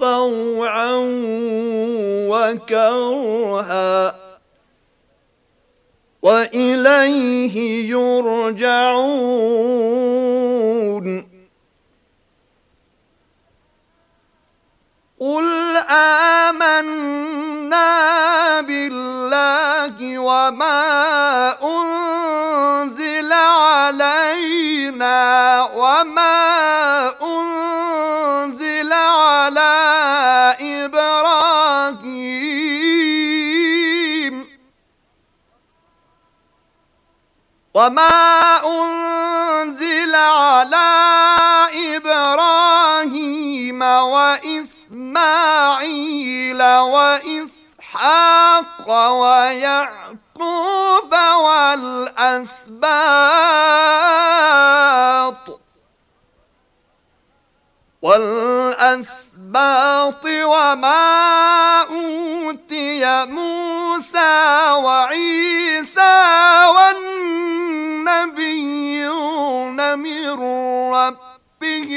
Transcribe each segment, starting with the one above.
طوعا وكرها وإليه يرجعون قل آمنا بالله وما أنزل علينا وما وما أنزل على إبراهيم وإسماعيل وإسحاق ويعقوب والأسباط والأسباط وما أوتي موسى وعيسى والنبي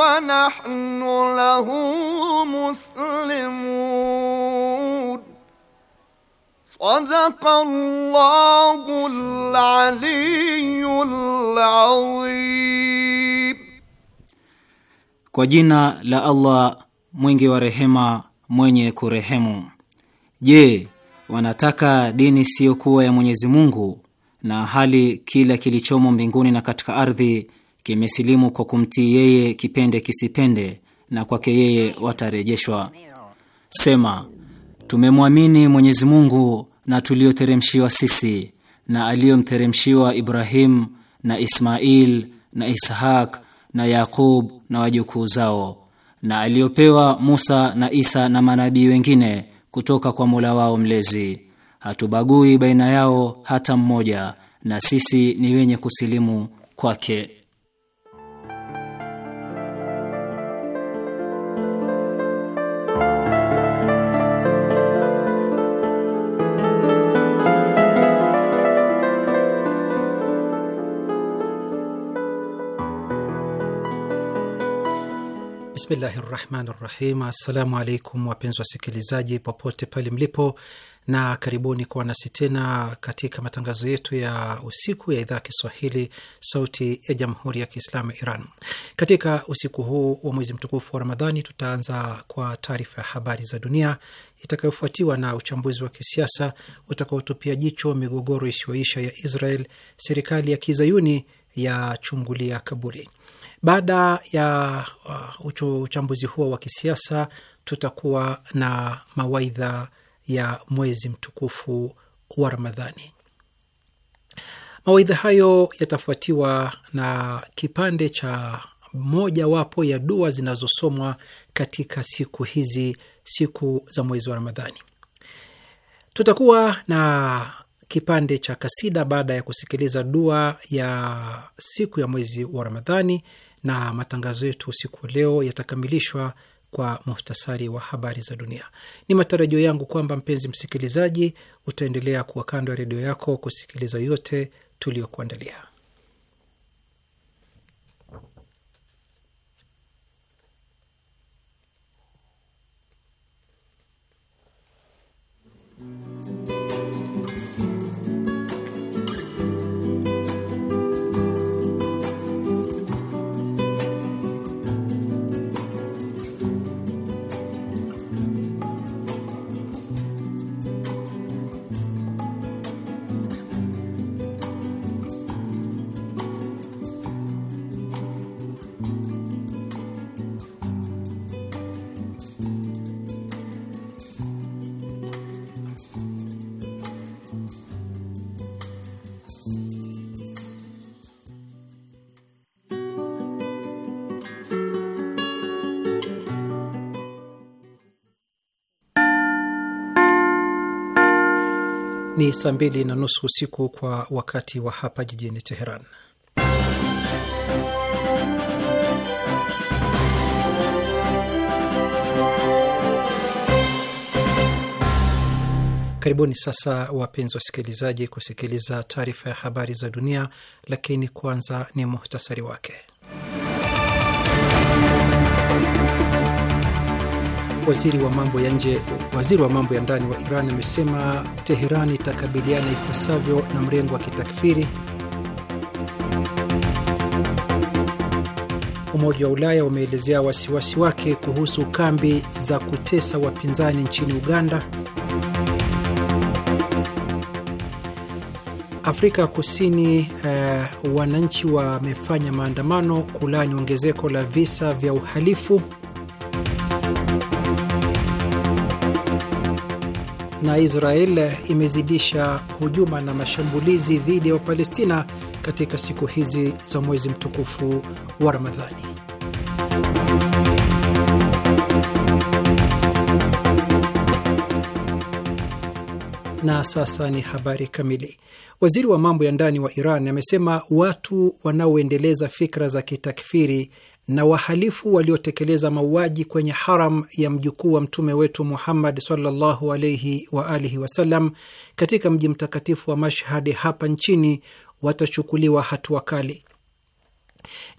ونحن له مسلمون صدق الله العلي العظيم Kwa jina la Allah mwingi wa rehema mwenye kurehemu. Je, wanataka dini siyokuwa ya Mwenyezi Mungu na hali kila kilichomo mbinguni na katika ardhi kimesilimu kwa kumtii yeye kipende kisipende, na kwake yeye watarejeshwa. Sema, tumemwamini Mwenyezi Mungu na tuliyoteremshiwa sisi na aliyomteremshiwa Ibrahim na Ismail na ishak na Yaqub na wajukuu zao na aliyopewa Musa na Isa na manabii wengine kutoka kwa Mola wao mlezi. Hatubagui baina yao hata mmoja, na sisi ni wenye kusilimu kwake. Bismillahi rahmani rahim. Assalamu alaikum wapenzi wasikilizaji popote pale mlipo, na karibuni kuwa nasi tena katika matangazo yetu ya usiku ya idhaa ya Kiswahili sauti ya jamhuri ya Kiislamu ya Iran. Katika usiku huu wa mwezi mtukufu wa Ramadhani tutaanza kwa taarifa ya habari za dunia itakayofuatiwa na uchambuzi wa kisiasa utakaotupia jicho migogoro isiyoisha ya Israel, serikali ya kizayuni ya chungulia kaburi baada ya uh, uchambuzi huo wa kisiasa, tutakuwa na mawaidha ya mwezi mtukufu wa Ramadhani. Mawaidha hayo yatafuatiwa na kipande cha mojawapo ya dua zinazosomwa katika siku hizi, siku za mwezi wa Ramadhani. Tutakuwa na kipande cha kasida baada ya kusikiliza dua ya siku ya mwezi wa Ramadhani na matangazo yetu usiku wa leo yatakamilishwa kwa muhtasari wa habari za dunia. Ni matarajio yangu kwamba mpenzi msikilizaji, utaendelea kuwa kando ya redio yako kusikiliza yote tuliyokuandalia. Ni saa mbili na nusu usiku kwa wakati wa hapa jijini Teheran. Karibuni sasa, wapenzi wasikilizaji, kusikiliza taarifa ya habari za dunia, lakini kwanza ni muhtasari wake. waziri wa mambo ya nje, waziri wa mambo ya ndani wa Iran amesema Teherani itakabiliana ipasavyo na mrengo wa kitakfiri. Umoja wa Ulaya umeelezea wasiwasi wake kuhusu kambi za kutesa wapinzani nchini Uganda. Afrika Kusini, uh, wananchi wamefanya maandamano kulaani ongezeko la visa vya uhalifu na Israel imezidisha hujuma na mashambulizi dhidi ya Wapalestina katika siku hizi za mwezi mtukufu wa Ramadhani. Na sasa ni habari kamili. Waziri wa mambo ya ndani wa Iran amesema watu wanaoendeleza fikra za kitakfiri na wahalifu waliotekeleza mauaji kwenye haram ya mjukuu wa mtume wetu Muhammad sallallahu alaihi wa alihi wasallam katika mji mtakatifu wa mashhadi hapa nchini watachukuliwa hatua kali.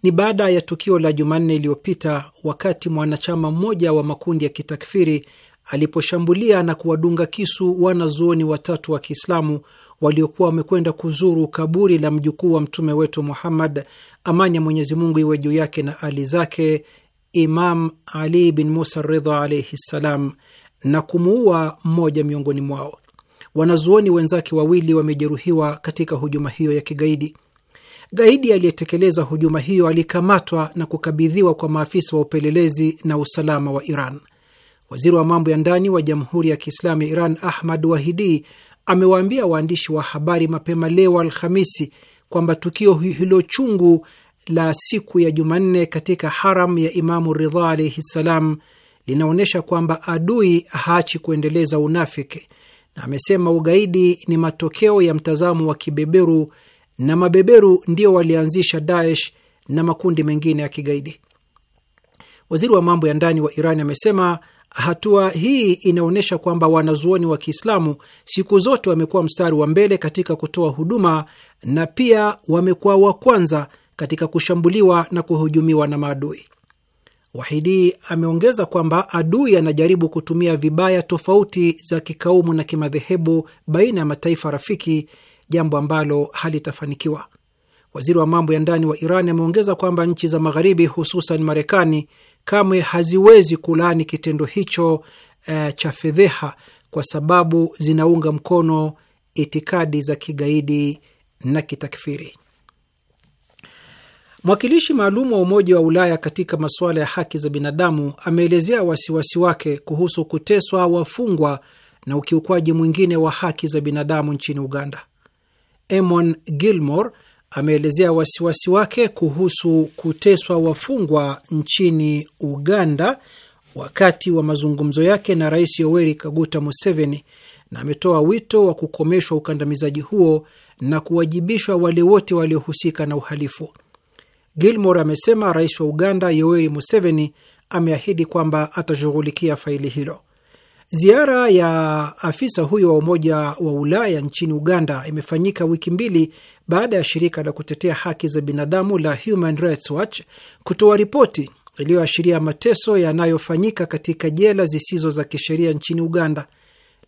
Ni baada ya tukio la Jumanne iliyopita wakati mwanachama mmoja wa makundi ya kitakfiri aliposhambulia na kuwadunga kisu wanazuoni watatu wa Kiislamu waliokuwa wamekwenda kuzuru kaburi la mjukuu wa mtume wetu Muhammad, amani ya Mwenyezi Mungu iwe juu yake na ali zake, Imam Ali bin Musa Ridha alaihi ssalam, na kumuua mmoja miongoni mwao. Wanazuoni wenzake wawili wamejeruhiwa katika hujuma hiyo ya kigaidi. Gaidi aliyetekeleza hujuma hiyo alikamatwa na kukabidhiwa kwa maafisa wa upelelezi na usalama wa Iran. Waziri wa mambo ya ndani wa Jamhuri ya Kiislamu ya Iran Ahmad Wahidi amewaambia waandishi wa habari mapema leo Alhamisi kwamba tukio hilo chungu la siku ya Jumanne katika haram ya Imamu Ridha alaihi ssalam linaonyesha kwamba adui haachi kuendeleza unafiki, na amesema ugaidi ni matokeo ya mtazamo wa kibeberu na mabeberu ndio walianzisha Daesh na makundi mengine ya kigaidi. Waziri wa mambo ya ndani wa Iran amesema Hatua hii inaonyesha kwamba wanazuoni wa Kiislamu siku zote wamekuwa mstari wa mbele katika kutoa huduma na pia wamekuwa wa kwanza katika kushambuliwa na kuhujumiwa na maadui. Wahidi ameongeza kwamba adui anajaribu kutumia vibaya tofauti za kikaumu na kimadhehebu baina ya mataifa rafiki, jambo ambalo halitafanikiwa. Waziri wa mambo ya ndani wa Iran ameongeza kwamba nchi za Magharibi, hususan Marekani, kamwe haziwezi kulaani kitendo hicho e, cha fedheha kwa sababu zinaunga mkono itikadi za kigaidi na kitakfiri. Mwakilishi maalum wa Umoja wa Ulaya katika masuala ya haki za binadamu ameelezea wasiwasi wake kuhusu kuteswa wafungwa na ukiukwaji mwingine wa haki za binadamu nchini Uganda. Eamon Gilmore ameelezea wasiwasi wake kuhusu kuteswa wafungwa nchini Uganda wakati wa mazungumzo yake na Rais Yoweri Kaguta Museveni, na ametoa wito wa kukomeshwa ukandamizaji huo na kuwajibishwa wale wote waliohusika na uhalifu. Gilmore amesema rais wa Uganda Yoweri Museveni ameahidi kwamba atashughulikia faili hilo. Ziara ya afisa huyo wa Umoja wa Ulaya nchini Uganda imefanyika wiki mbili baada ya shirika la kutetea haki za binadamu la Human Rights Watch kutoa ripoti iliyoashiria mateso yanayofanyika katika jela zisizo za kisheria nchini Uganda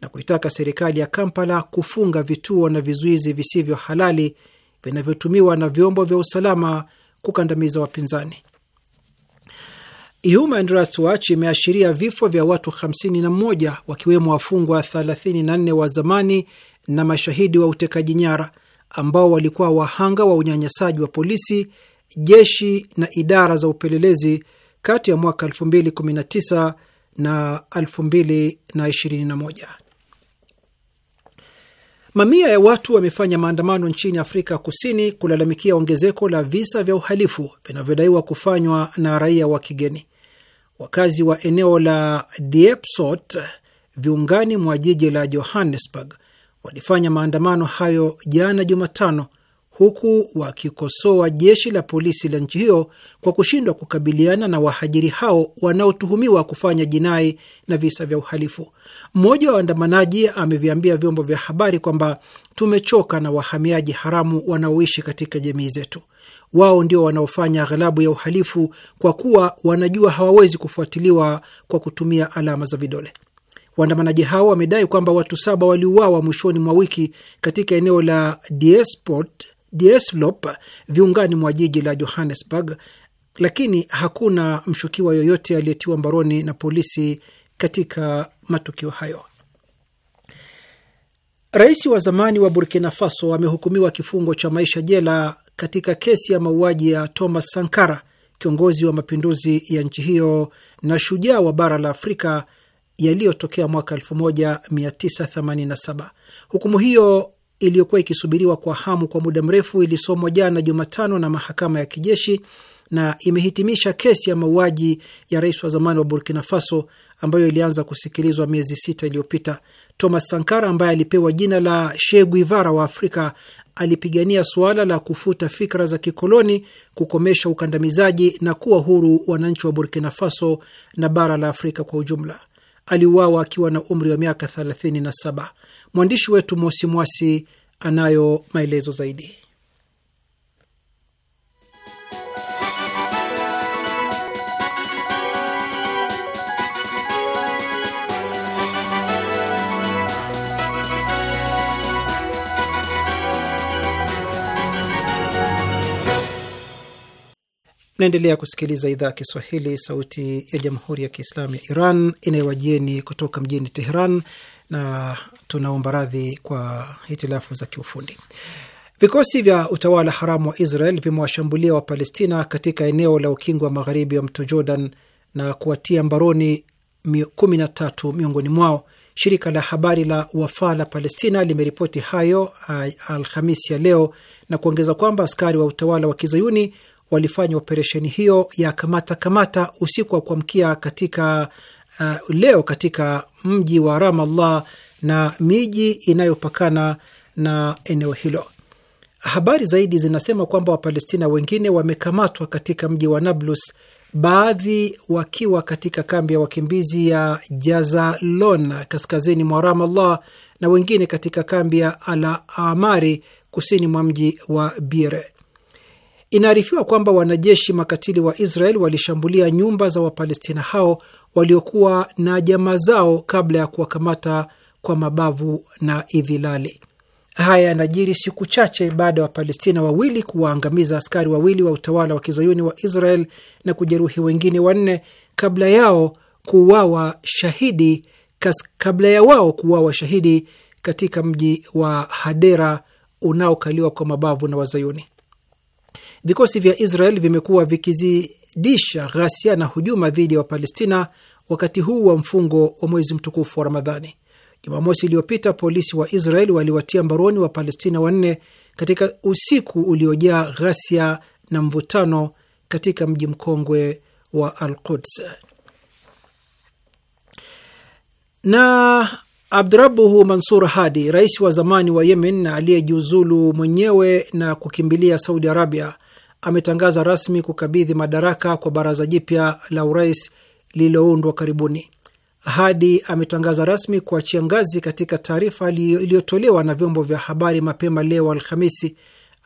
na kuitaka serikali ya Kampala kufunga vituo na vizuizi visivyo halali vinavyotumiwa na vyombo vya usalama kukandamiza wapinzani. Human Rights Watch imeashiria vifo vya watu 51 wakiwemo wafungwa 34 wa zamani na mashahidi wa utekaji nyara ambao walikuwa wahanga wa unyanyasaji wa polisi, jeshi na idara za upelelezi kati ya mwaka 2019 na 2021. Mamia ya watu wamefanya maandamano nchini Afrika Kusini kulalamikia ongezeko la visa vya uhalifu vinavyodaiwa kufanywa na raia wa kigeni. Wakazi wa eneo la diepsot viungani mwa jiji la Johannesburg walifanya maandamano hayo jana Jumatano, huku wakikosoa jeshi la polisi la nchi hiyo kwa kushindwa kukabiliana na wahajiri hao wanaotuhumiwa kufanya jinai na visa vya uhalifu. Mmoja wa waandamanaji ameviambia vyombo vya habari kwamba tumechoka na wahamiaji haramu wanaoishi katika jamii zetu. Wao ndio wanaofanya aghalabu ya uhalifu kwa kuwa wanajua hawawezi kufuatiliwa kwa kutumia alama za vidole. Waandamanaji hao wamedai kwamba watu saba waliuawa mwishoni mwa wiki katika eneo la Dieslop viungani mwa jiji la Johannesburg, lakini hakuna mshukiwa yoyote aliyetiwa mbaroni na polisi katika matukio hayo. Rais wa zamani wa Burkina Faso amehukumiwa kifungo cha maisha jela katika kesi ya mauaji ya Thomas Sankara, kiongozi wa mapinduzi ya nchi hiyo na shujaa wa bara la Afrika yaliyotokea mwaka 1987. Hukumu hiyo iliyokuwa ikisubiriwa kwa hamu kwa muda mrefu ilisomwa jana Jumatano na mahakama ya kijeshi na imehitimisha kesi ya mauaji ya rais wa zamani wa Burkina Faso ambayo ilianza kusikilizwa miezi sita iliyopita. Thomas Sankara ambaye alipewa jina la Che Guevara wa Afrika alipigania suala la kufuta fikra za kikoloni, kukomesha ukandamizaji na kuwa huru wananchi wa Burkina Faso na bara la Afrika kwa ujumla aliuawa akiwa na umri wa miaka 37. Mwandishi wetu Mosi Mwasi anayo maelezo zaidi. naendelea kusikiliza idhaa ya Kiswahili, sauti ya jamhuri ya kiislamu ya Iran inayowajieni kutoka mjini Teheran, na tunaomba radhi kwa hitilafu za kiufundi. Vikosi vya utawala haramu wa Israel vimewashambulia Wapalestina katika eneo la ukingo wa magharibi wa mto Jordan na kuwatia mbaroni 13 miongoni mwao. Shirika la habari la Wafa la Palestina limeripoti hayo ah, Alhamisi ya leo na kuongeza kwamba askari wa utawala wa kizayuni walifanya operesheni hiyo ya kamata kamata usiku wa kuamkia katika uh, leo katika mji wa Ramallah na miji inayopakana na eneo hilo. Habari zaidi zinasema kwamba Wapalestina wengine wamekamatwa katika mji wa Nablus, baadhi wakiwa katika kambi ya wakimbizi ya Jazalon kaskazini mwa Ramallah na wengine katika kambi ya Al Amari kusini mwa mji wa Bire. Inaarifiwa kwamba wanajeshi makatili wa Israel walishambulia nyumba za Wapalestina hao waliokuwa na jamaa zao kabla ya kuwakamata kwa mabavu na idhilali. Haya yanajiri siku chache baada ya Wapalestina wawili kuwaangamiza askari wawili wa utawala wa kizayuni wa Israel na kujeruhi wengine wanne kabla yao kuuawa shahidi kas, kabla ya wao kuuawa shahidi katika mji wa Hadera unaokaliwa kwa mabavu na Wazayuni. Vikosi vya Israel vimekuwa vikizidisha ghasia na hujuma dhidi ya wa Wapalestina wakati huu wa mfungo wa mwezi mtukufu wa Ramadhani. Jumamosi iliyopita polisi wa Israel waliwatia mbaroni Wapalestina wanne katika usiku uliojaa ghasia na mvutano katika mji mkongwe wa Al Quds. Na Abdurabuhu Mansur Hadi, rais wa zamani wa Yemen aliyejiuzulu mwenyewe na kukimbilia Saudi Arabia, ametangaza rasmi kukabidhi madaraka kwa baraza jipya la urais lililoundwa karibuni. Hadi ametangaza rasmi kuachia ngazi katika taarifa iliyotolewa na vyombo vya habari mapema leo Alhamisi,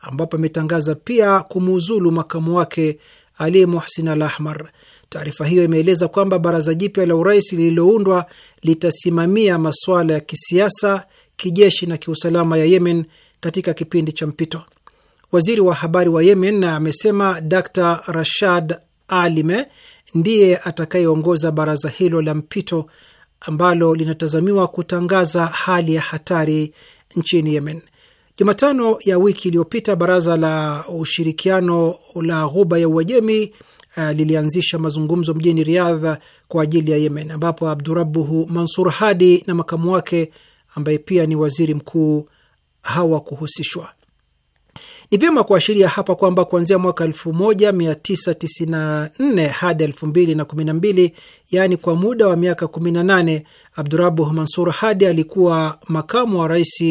ambapo ametangaza pia kumuuzulu makamu wake Ali Muhsin Al Ahmar. Taarifa hiyo imeeleza kwamba baraza jipya la urais lililoundwa litasimamia masuala ya kisiasa, kijeshi na kiusalama ya Yemen katika kipindi cha mpito. Waziri wa habari wa Yemen amesema Dr Rashad Alime ndiye atakayeongoza baraza hilo la mpito ambalo linatazamiwa kutangaza hali ya hatari nchini Yemen. Jumatano ya wiki iliyopita, baraza la ushirikiano la Ghuba ya Uajemi uh, lilianzisha mazungumzo mjini Riyadh kwa ajili ya Yemen, ambapo Abdurabuhu Mansur Hadi na makamu wake ambaye pia ni waziri mkuu hawakuhusishwa. Ni vyema kuashiria hapa kwamba kuanzia mwaka 1994 hadi 2012, yaani kwa muda wa miaka 18, Abdurabuh Mansur Hadi alikuwa makamu wa rais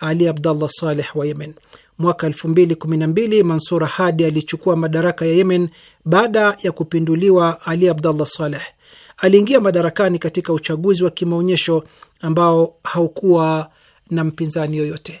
Ali Abdallah Saleh wa Yemen. Mwaka 2012 Mansur Hadi alichukua madaraka ya Yemen baada ya kupinduliwa Ali Abdallah Saleh. Aliingia madarakani katika uchaguzi wa kimaonyesho ambao haukuwa na mpinzani yoyote.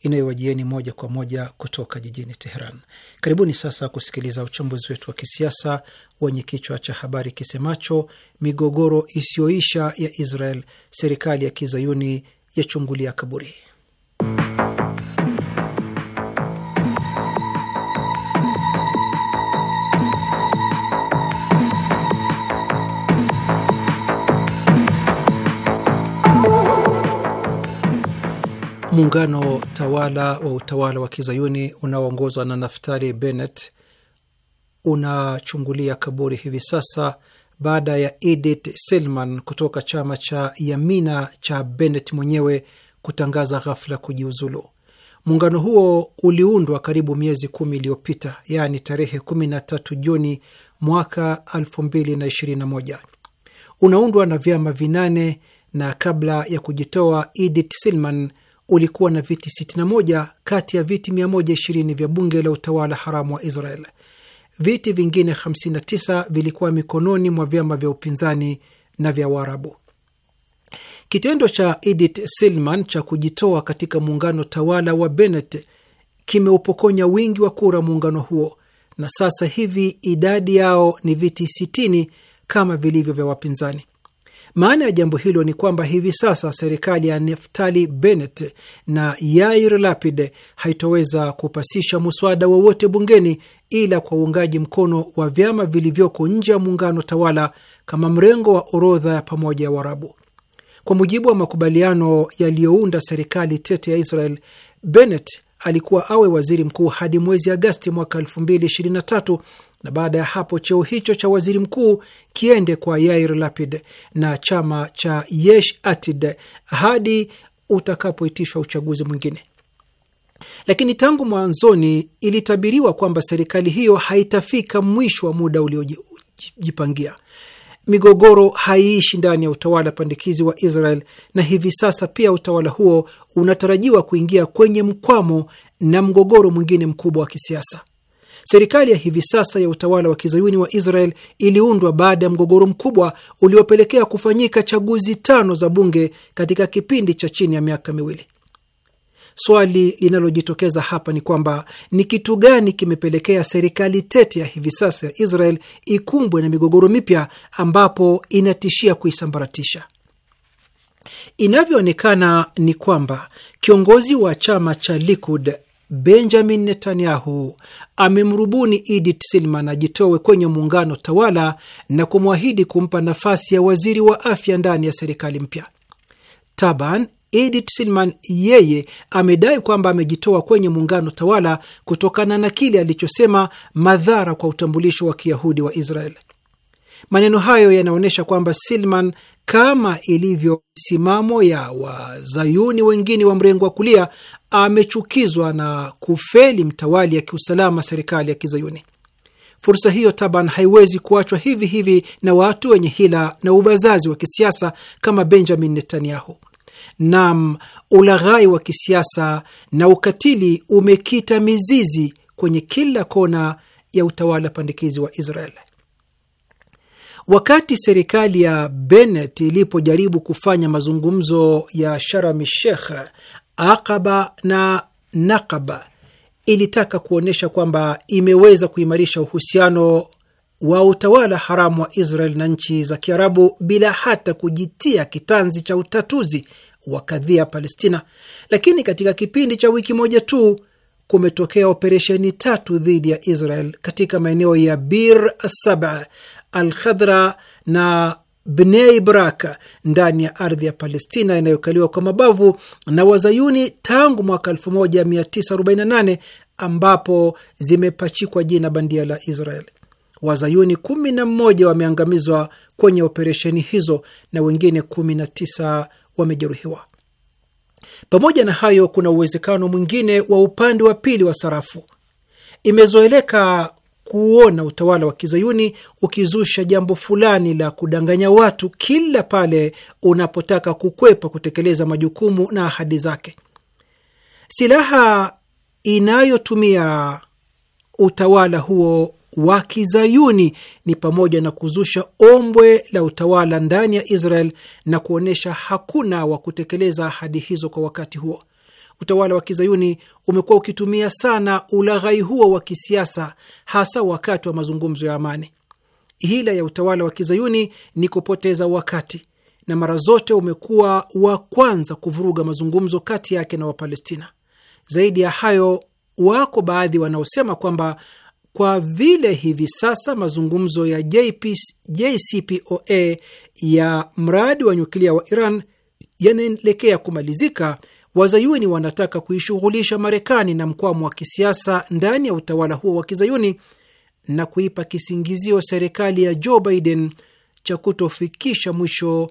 inayowajieni moja kwa moja kutoka jijini Teheran. Karibuni sasa kusikiliza uchambuzi wetu wa kisiasa wenye kichwa cha habari kisemacho migogoro isiyoisha ya Israel, serikali ya kizayuni yachungulia kaburi. muungano tawala wa utawala wa kizayuni unaoongozwa na Naftali Bennett unachungulia kaburi hivi sasa baada ya Edith Selman kutoka chama cha Yamina cha Bennett mwenyewe kutangaza ghafla kujiuzulu. Muungano huo uliundwa karibu miezi kumi iliyopita, yaani tarehe 13 Juni mwaka 2021. Unaundwa na vyama vinane na kabla ya kujitoa Edith silman ulikuwa na viti 61 kati ya viti 120 vya bunge la utawala haramu wa Israel. Viti vingine 59 vilikuwa mikononi mwa vyama vya upinzani na vya Waarabu. Kitendo cha Edith Silman cha kujitoa katika muungano tawala wa Bennett kimeupokonya wingi wa kura muungano huo, na sasa hivi idadi yao ni viti 60 kama vilivyo vya wapinzani. Maana ya jambo hilo ni kwamba hivi sasa serikali ya Neftali Bennett na Yair Lapid haitoweza kupasisha muswada wowote bungeni ila kwa uungaji mkono wa vyama vilivyoko nje ya muungano tawala kama mrengo wa orodha ya pamoja ya Warabu. Kwa mujibu wa makubaliano yaliyounda serikali tete ya Israel, Bennett alikuwa awe waziri mkuu hadi mwezi Agasti mwaka 2023 na baada ya hapo cheo hicho cha waziri mkuu kiende kwa Yair Lapid na chama cha Yesh Atid hadi utakapoitishwa uchaguzi mwingine. Lakini tangu mwanzoni ilitabiriwa kwamba serikali hiyo haitafika mwisho wa muda uliojipangia. Migogoro haiishi ndani ya utawala pandikizi wa Israel, na hivi sasa pia utawala huo unatarajiwa kuingia kwenye mkwamo na mgogoro mwingine mkubwa wa kisiasa. Serikali ya hivi sasa ya utawala wa kizayuni wa Israel iliundwa baada ya mgogoro mkubwa uliopelekea kufanyika chaguzi tano za bunge katika kipindi cha chini ya miaka miwili. Swali linalojitokeza hapa ni kwamba ni kitu gani kimepelekea serikali tete ya hivi sasa ya Israel ikumbwe na migogoro mipya ambapo inatishia kuisambaratisha? Inavyoonekana ni kwamba kiongozi wa chama cha Likud Benjamin Netanyahu amemrubuni Edith Silman ajitowe kwenye muungano tawala na kumwahidi kumpa nafasi ya waziri wa afya ndani ya serikali mpya. Taban Edith Silman yeye amedai kwamba amejitoa kwenye muungano tawala kutokana na kile alichosema madhara kwa utambulisho wa Kiyahudi wa Israel. Maneno hayo yanaonyesha kwamba Silman kama ilivyo misimamo ya wazayuni wengine wa mrengo wa kulia, amechukizwa na kufeli mtawali ya kiusalama serikali ya kizayuni. Fursa hiyo taban haiwezi kuachwa hivi hivi na watu wenye hila na ubazazi wa kisiasa kama Benjamin Netanyahu. Naam, ulaghai wa kisiasa na ukatili umekita mizizi kwenye kila kona ya utawala pandikizi wa Israel. Wakati serikali ya Bennett ilipojaribu kufanya mazungumzo ya Sharami Sheikh, Aqaba na Nakaba, ilitaka kuonyesha kwamba imeweza kuimarisha uhusiano wa utawala haramu wa Israel na nchi za Kiarabu bila hata kujitia kitanzi cha utatuzi wa kadhia Palestina. Lakini katika kipindi cha wiki moja tu kumetokea operesheni tatu dhidi ya Israel katika maeneo ya Bir Saba Alkhadra na Bnei Brak ndani ya ardhi ya Palestina inayokaliwa kwa mabavu na Wazayuni tangu mwaka 1948 ambapo zimepachikwa jina bandia la Israel. Wazayuni kumi na mmoja wameangamizwa kwenye operesheni hizo na wengine kumi na tisa wamejeruhiwa. Pamoja na hayo, kuna uwezekano mwingine wa upande wa pili wa sarafu. Imezoeleka kuona utawala wa kizayuni ukizusha jambo fulani la kudanganya watu kila pale unapotaka kukwepa kutekeleza majukumu na ahadi zake. Silaha inayotumia utawala huo wa kizayuni ni pamoja na kuzusha ombwe la utawala ndani ya Israel na kuonyesha hakuna wa kutekeleza ahadi hizo kwa wakati huo. Utawala wa kizayuni umekuwa ukitumia sana ulaghai huo wa kisiasa, hasa wakati wa mazungumzo ya amani. Hila ya utawala wa kizayuni ni kupoteza wakati, na mara zote umekuwa wa kwanza kuvuruga mazungumzo kati yake na Wapalestina. Zaidi ya hayo, wako baadhi wanaosema kwamba kwa vile hivi sasa mazungumzo ya JCPOA ya mradi wa nyuklia wa Iran yanaelekea kumalizika, Wazayuni wanataka kuishughulisha Marekani na mkwamo wa kisiasa ndani ya utawala huo wa kizayuni na kuipa kisingizio serikali ya Joe Biden cha kutofikisha mwisho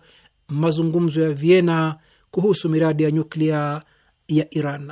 mazungumzo ya Vienna kuhusu miradi ya nyuklia ya Iran.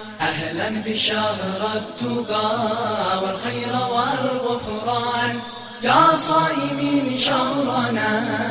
أهلا بشهر التقى والخير والغفران يا صائمين شهرنا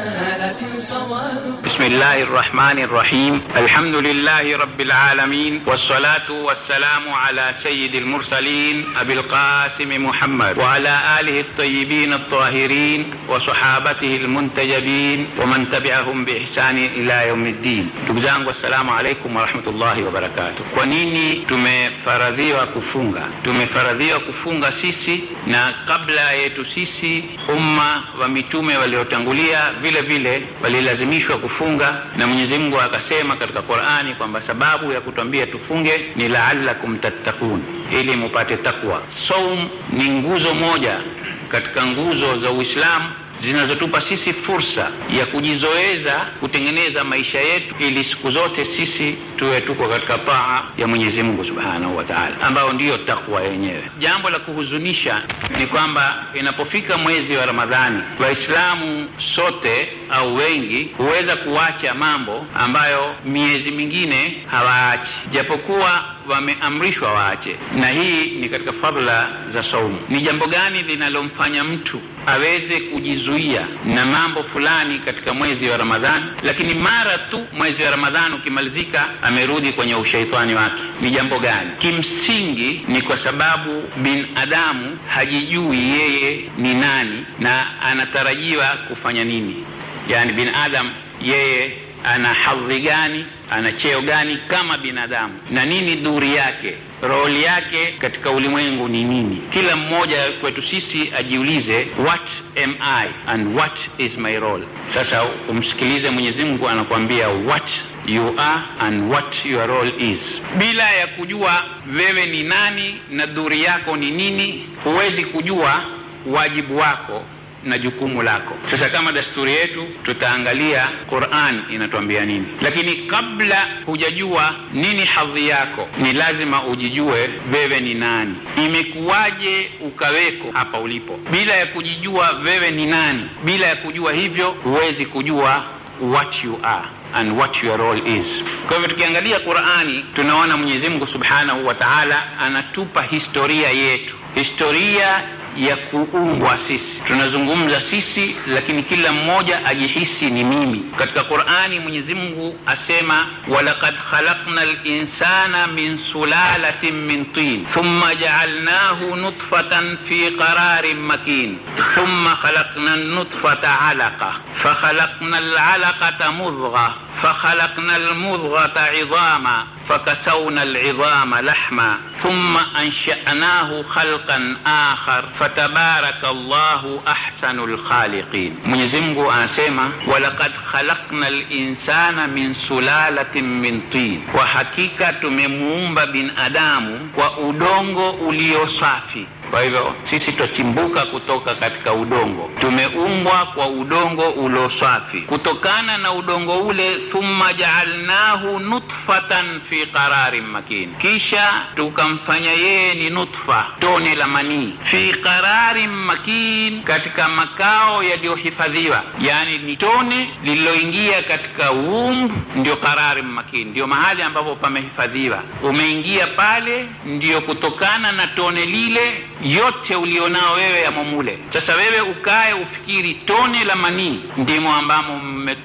بسم الله الرحمن الرحيم الحمد لله رب العالمين والصلاة والسلام على سيد المرسلين أبي القاسم محمد وعلى آله الطيبين الطاهرين وصحابته المنتجبين ومن تبعهم بإحسان إلى يوم الدين تبزان والسلام عليكم ورحمة الله وبركاته kwanini tumefaradhiwa وكفونغا tumefaradhiwa kufunga sisi na kabla yetu sisi umma wa mitume waliotangulia بلا vile walilazimishwa kufunga, na Mwenyezi Mungu akasema katika Qur'ani kwamba sababu ya kutwambia tufunge ni la'allakum tattaqun, ili mupate takwa. Saum ni nguzo moja katika nguzo za Uislamu zinazotupa sisi fursa ya kujizoeza kutengeneza maisha yetu, ili siku zote sisi tuwe tuko katika paa ya Mwenyezi Mungu Subhanahu wa Ta'ala, ambayo ndiyo takwa yenyewe. Jambo la kuhuzunisha ni kwamba inapofika mwezi wa Ramadhani, Waislamu sote au wengi huweza kuacha mambo ambayo miezi mingine hawaachi, japokuwa wameamrishwa waache, na hii ni katika fadhila za saumu. Ni jambo gani linalomfanya mtu aweze kujizuia na mambo fulani katika mwezi wa Ramadhani, lakini mara tu mwezi wa Ramadhani ukimalizika amerudi kwenye ushaitani wake. Ni jambo gani? Kimsingi ni kwa sababu binadamu hajijui yeye ni nani na anatarajiwa kufanya nini. Yani binadamu yeye ana hadhi gani, ana cheo gani kama binadamu, na nini dhuri yake, roli yake katika ulimwengu ni nini? Kila mmoja kwetu sisi ajiulize, what am I and what is my role. Sasa umsikilize Mwenyezi Mungu anakuambia what you are and what your role is. Bila ya kujua wewe ni nani na dhuri yako ni nini, huwezi kujua wajibu wako na jukumu lako. Sasa kama desturi yetu, tutaangalia Qur'an inatuambia nini, lakini kabla hujajua nini hadhi yako, ni lazima ujijue wewe ni nani, imekuwaje ukaweko hapa ulipo. Bila ya kujijua wewe ni nani, bila ya kujua hivyo, huwezi kujua what you are and what your role is. Kwa hivyo tukiangalia Qur'ani, tunaona Mwenyezi Mungu Subhanahu wa Ta'ala anatupa historia yetu, historia ya kuumbwa sisi. Tunazungumza sisi, lakini kila mmoja ajihisi ni mimi. Katika Qur'ani Mwenyezi Mungu asema, walaqad khalaqna linsana min sulalatin min tin thumma jaalnahu nutfatan fi qararin makin thumma khalaqna nutfata alaqa fakhalaqna alalaqata mudgha فخلقنا المضغة عظاما فكسونا العظام لحما ثم أنشأناه خلقا آخر فتبارك الله احسن الخالقين منزمه انسيما ولقد خلقنا الانسان من سلاله من طين وحقيقه تمموم بن ادم وادونغو اليوسافي Kwa hivyo sisi twachimbuka kutoka katika udongo, tumeumbwa kwa udongo ulo safi. Kutokana na udongo ule, thumma jaalnahu nutfatan fi qararin makin, kisha tukamfanya yeye ni nutfa, tone la manii, fi qararin makin, katika makao yaliyohifadhiwa, yani ni tone lililoingia katika umbu, ndio qararin makin, ndio mahali ambapo pamehifadhiwa, umeingia pale, ndiyo kutokana na tone lile yote ulionao wewe yamo mule. Sasa wewe ukae ufikiri tone la manii ndimo ambamo,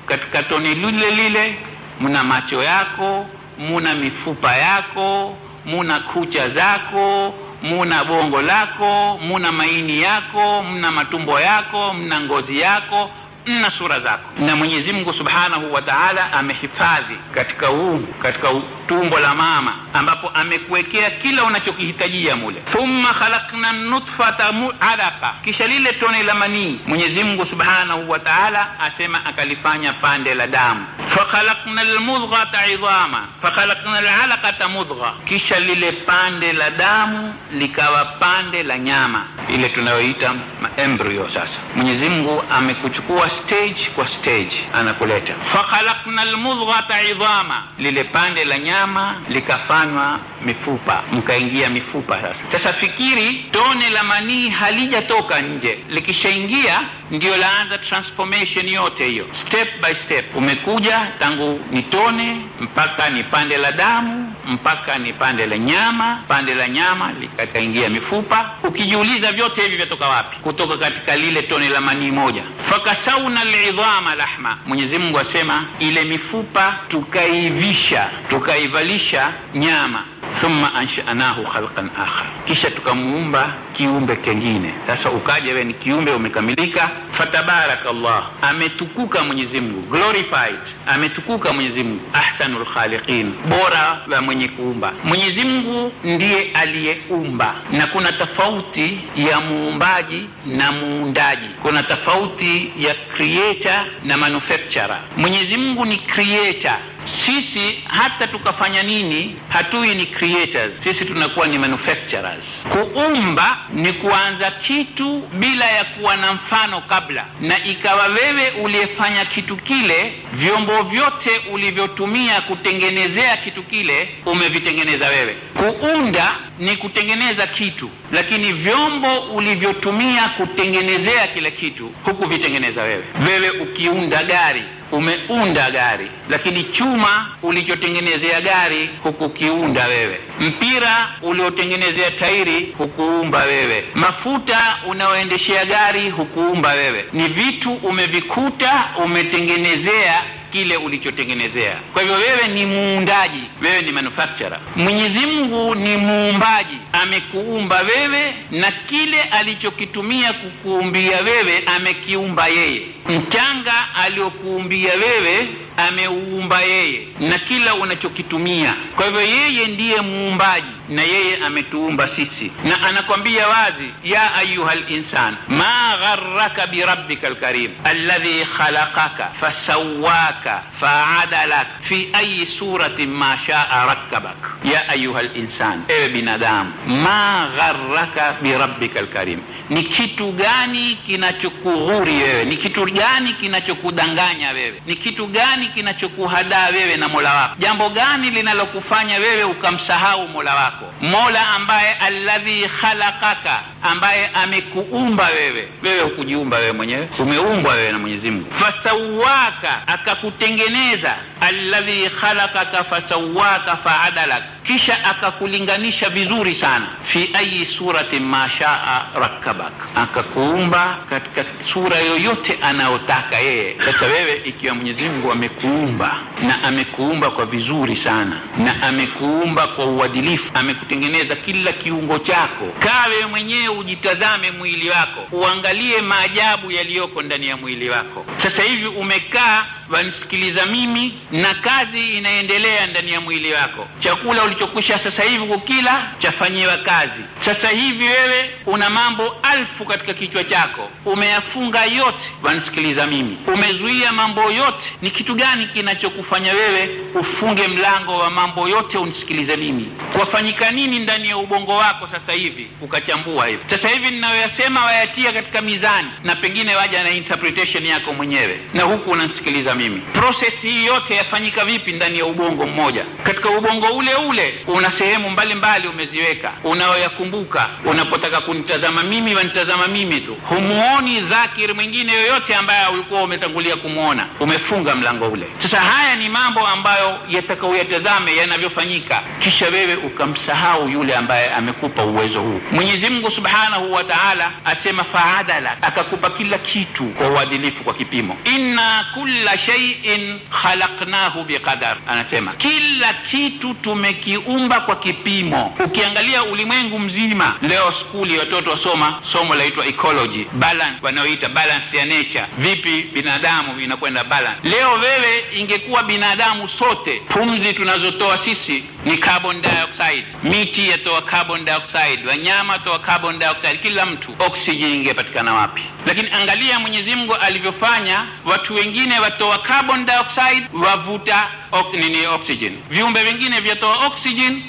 katika tone lile lile muna macho yako, muna mifupa yako, muna kucha zako, muna bongo lako, muna maini yako, muna matumbo yako, muna ngozi yako na sura zako. Na Mwenyezi Mungu Subhanahu wa Ta'ala amehifadhi katika uu katika tumbo la mama, ambapo amekuwekea kila unachokihitajia mule. Thumma khalaqna nutfata alaqa, kisha lile tone la manii Mwenyezi Mungu Subhanahu wa Ta'ala asema akalifanya pande la damu. Fakhalaqna almudghata idhama, fakhalaqna alalaqata mudgha, kisha lile pande la damu likawa pande la nyama ile tunayoita embryo. Sasa Mwenyezi Mungu amekuchukua stage kwa stage anakuleta. fakhalakna lmudghata idhama, lile pande la nyama likafanywa mifupa, mkaingia mifupa. Sasa sasa fikiri tone la manii halijatoka nje, likishaingia ndio laanza transformation yote hiyo, step by step. Umekuja tangu ni tone mpaka ni pande la damu mpaka ni pande la nyama, pande la nyama likaingia mifupa. Ukijiuliza vyote hivi vyatoka wapi? Kutoka katika lile tone la manii moja. Fakasauna lidhama lahma, Mwenyezi Mungu asema ile mifupa tukaivisha, tukaivalisha nyama thumma anshanahu khalqan akhar, kisha tukamuumba kiumbe kengine. Sasa ukaja wewe ni kiumbe umekamilika. Fatabaraka Allah, ametukuka Mwenyezi Mungu, glorified, ametukuka Mwenyezi Mungu, ahsanul khaliqin, bora la mwenye kuumba. Mwenyezi Mungu ndiye aliyeumba, na kuna tofauti ya muumbaji na muundaji, kuna tofauti ya creator na manufacturer. Mwenyezi Mungu ni creator sisi hata tukafanya nini, hatui ni creators, sisi tunakuwa ni manufacturers. Kuumba ni kuanza kitu bila ya kuwa na mfano kabla, na ikawa wewe uliyefanya kitu kile, vyombo vyote ulivyotumia kutengenezea kitu kile umevitengeneza wewe. Kuunda ni kutengeneza kitu, lakini vyombo ulivyotumia kutengenezea kile kitu hukuvitengeneza wewe. Wewe ukiunda gari umeunda gari, lakini chuma ulichotengenezea gari hukukiunda wewe, mpira uliotengenezea tairi hukuumba wewe, mafuta unaoendeshea gari hukuumba wewe. Ni vitu umevikuta umetengenezea kile ulichotengenezea. Kwa hivyo wewe ni muundaji, wewe ni manufacturer. Mwenyezi Mungu ni muumbaji, amekuumba wewe na kile alichokitumia kukuumbia wewe amekiumba yeye. Mchanga aliokuumbia wewe ameuumba yeye na kila unachokitumia. Kwa hivyo yeye ndiye muumbaji na yeye ametuumba sisi, na anakwambia wazi, ya ayuha linsan ma gharraka birabbika lkarim alladhi khalaqaka fasawaka ذاك faadalak fi ayi suratin ma shaa rakkabak ya ayuha linsan, ewe binadamu, ma gharraka birabbika lkarim, ni kitu gani kinachokughuri wewe? Ni kitu gani kinachokudanganya wewe? Ni kitu gani kinachokuhadaa wewe na mola wako? Jambo gani linalokufanya wewe ukamsahau mola wako, mola ambaye alladhi khalaqaka, ambaye amekuumba wewe? Wewe hukujiumba wewe mwenyewe, umeumbwa wewe na Mwenyezi Mungu. akaku kutengeneza alladhi khalakaka fasawaka faadalak, kisha akakulinganisha vizuri sana. Fi ayi surati ma shaa rakabak, akakuumba katika sura yoyote anayotaka yeye. Sasa wewe, ikiwa Mwenyezi Mungu amekuumba na amekuumba kwa vizuri sana na amekuumba kwa uadilifu, amekutengeneza kila kiungo chako, kawe mwenyewe ujitazame mwili wako, uangalie maajabu yaliyoko ndani ya mwili wako. Sasa hivi umekaa wanisikiliza mimi, na kazi inaendelea ndani ya mwili wako. Chakula ulichokwisha sasa hivi kukila chafanyiwa kazi. Sasa hivi wewe una mambo alfu katika kichwa chako, umeyafunga yote, wanisikiliza mimi, umezuia mambo yote. Ni kitu gani kinachokufanya wewe ufunge mlango wa mambo yote unisikilize mimi? Kwafanyika nini ndani ya ubongo wako sasa hivi? Ukachambua hivi sasa hivi ninayoyasema, wayatia katika mizani, na pengine waja na interpretation yako mwenyewe, na huku unasikiliza mimi. Prosesi hii yote yafanyika vipi ndani ya ubongo mmoja? Katika ubongo ule ule una sehemu mbalimbali umeziweka, unayoyakumbuka. Unapotaka kunitazama mimi, wanitazama mimi tu, humuoni dhakiri mwingine yoyote ambaye ulikuwa umetangulia kumwona. Umefunga mlango ule. Sasa haya ni mambo ambayo yataka uyatazame yanavyofanyika, kisha wewe ukamsahau yule ambaye amekupa uwezo huu. Mwenyezi Mungu subhanahu wa taala asema faadala, akakupa kila kitu kwa uadilifu, kwa kipimo inna kulla shay'in khalaqnahu biqadar, anasema kila kitu tumekiumba kwa kipimo. Ukiangalia ulimwengu mzima leo, skuli watoto wasoma somo laitwa ecology balance, wanaoita balance ya nature, vipi binadamu inakwenda balance. Leo wewe, ingekuwa binadamu sote, pumzi tunazotoa sisi ni carbon dioxide, miti yatoa carbon dioxide, wanyama toa carbon dioxide, kila mtu, oxygen ingepatikana wapi? Lakini angalia Mwenyezi Mungu alivyofanya watu wengine watoa watoa carbon dioxide wavuta ok, nini oxygen. Viumbe vingine vyatoa oxygen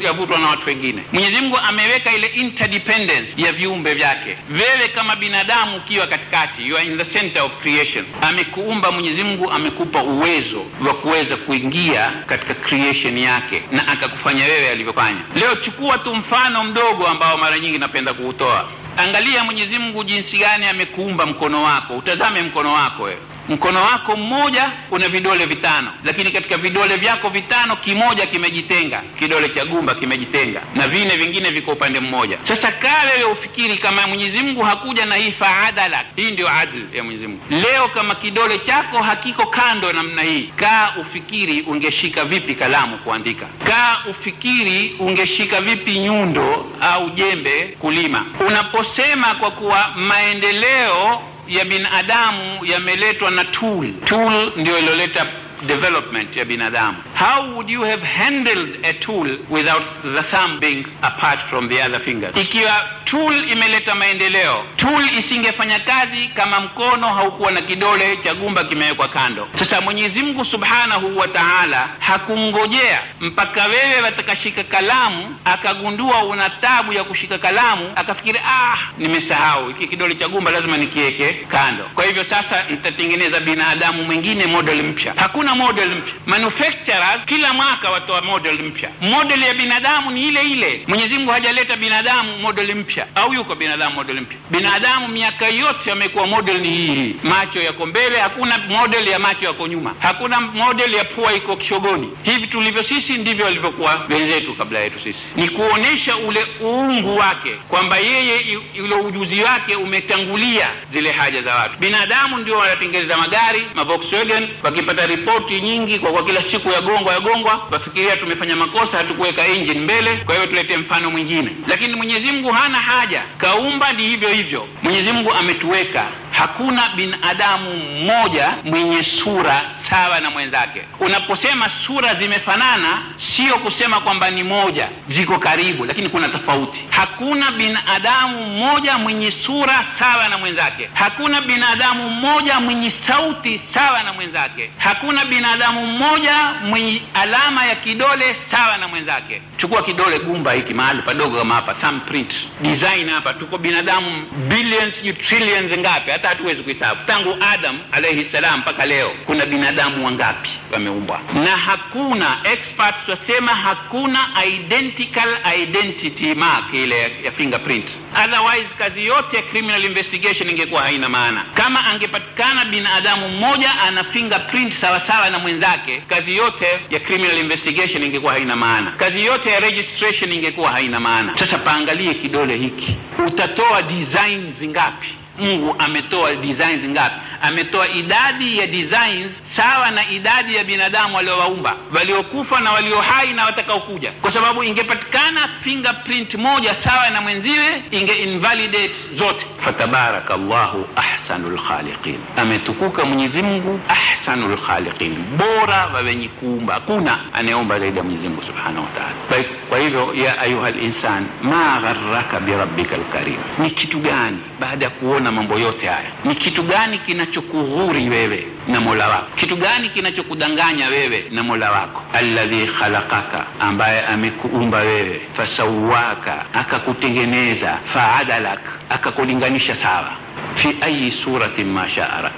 vyavutwa na watu wengine. Mwenyezi Mungu ameweka ile interdependence ya viumbe vyake. Wewe kama binadamu ukiwa katikati, you are in the center of creation. Amekuumba Mwenyezi Mungu, amekupa uwezo wa kuweza kuingia katika creation yake na akakufanya wewe alivyofanya. Leo chukua tu mfano mdogo ambao mara nyingi napenda kuutoa. Angalia Mwenyezi Mungu jinsi gani amekuumba mkono wako, utazame mkono wako wewe mkono wako mmoja una vidole vitano, lakini katika vidole vyako vitano kimoja kimejitenga, kidole cha gumba kimejitenga, na vine vingine viko upande mmoja. Sasa kaa wewe ufikiri kama Mwenyezi Mungu hakuja na hii faadala, hii ndio adl ya Mwenyezi Mungu. Leo kama kidole chako hakiko kando namna hii, kaa ufikiri ungeshika vipi kalamu kuandika. Kaa ufikiri ungeshika vipi nyundo au jembe kulima. Unaposema kwa kuwa maendeleo ya binadamu yameletwa na tool. Tool ndio iloleta development ya binadamu. How would you have handled a tool without the thumb being apart from the other fingers? Ikiwa tool imeleta maendeleo, tool isingefanya kazi kama mkono haukuwa na kidole cha gumba kimewekwa kando. Sasa Mwenyezi Mungu Subhanahu wa Ta'ala hakungojea mpaka wewe watakashika kalamu akagundua una tabu ya kushika kalamu, akafikiri ah, nimesahau iki kidole cha gumba lazima nikiweke kando. Kwa hivyo sasa nitatengeneza binadamu mwingine model mpya. Hakuna hakuna model mpya. Manufacturers kila mwaka watoa model mpya. Model ya binadamu ni ile ile. Mwenyezi Mungu hajaleta binadamu model mpya, au yuko binadamu model mpya? Binadamu miaka yote amekuwa model ni hii macho yako mbele. Hakuna model ya macho yako nyuma, hakuna model ya pua iko kishogoni. Hivi tulivyo sisi ndivyo walivyokuwa wenzetu kabla yetu. Sisi ni kuonesha ule uungu wake kwamba yeye ule ujuzi wake umetangulia zile haja za watu. Binadamu ndio wanatengeneza magari ma Volkswagen, wakipata report ripoti nyingi kwa kwa kila siku yagongwa yagongwa, tukafikiria tumefanya makosa, hatukuweka engine mbele, kwa hiyo tulete mfano mwingine. Lakini Mwenyezi Mungu hana haja, kaumba ni hivyo hivyo. Mwenyezi Mungu ametuweka Hakuna binadamu mmoja mwenye sura sawa na mwenzake. Unaposema sura zimefanana, sio kusema kwamba ni moja, ziko karibu, lakini kuna tofauti. Hakuna binadamu mmoja mwenye sura sawa na mwenzake. Hakuna binadamu mmoja mwenye sauti sawa na mwenzake. Hakuna binadamu mmoja mwenye alama ya kidole sawa na mwenzake. Chukua kidole gumba hiki mahali padogo kama hapa, thumbprint design hapa, tuko binadamu billions, trillions ngapi hata hatuwezi kuhesabu. Tangu Adam alayhi salam mpaka leo kuna binadamu wangapi wameumbwa? Na hakuna experts wasema hakuna identical identity mark ile ya fingerprint, otherwise kazi yote ya criminal investigation ingekuwa haina maana. Kama angepatikana binadamu mmoja ana fingerprint sawasawa na mwenzake, kazi yote ya criminal investigation ingekuwa haina maana, kazi yote ya registration ingekuwa haina maana. Sasa paangalie kidole hiki, utatoa design ngapi? Mungu ametoa designs ngapi? Ametoa idadi ya designs sawa na idadi ya binadamu waliowaumba, waliokufa na walio hai na watakaokuja, kwa sababu ingepatikana fingerprint moja sawa na mwenziwe inge invalidate zote. Fatabaraka llahu ahsanul khaliqin, ametukuka Mwenyezi Mungu ahsanul khaliqin, bora wa wenye kuumba. Hakuna anayeomba zaidi ya Mwenyezi Mungu subhanahu wa taala. Kwa hivyo, ya ayuha insan ma gharraka birabbika lkarim, ni kitu gani baada ya kuona na mambo yote haya. Ni kitu gani kinachokughuri wewe na Mola wako? Kitu gani kinachokudanganya wewe na Mola wako? Alladhi khalaqaka, ambaye amekuumba wewe, fasawaka, akakutengeneza, faadalak, akakulinganisha sawa fi ayi surati ma shaa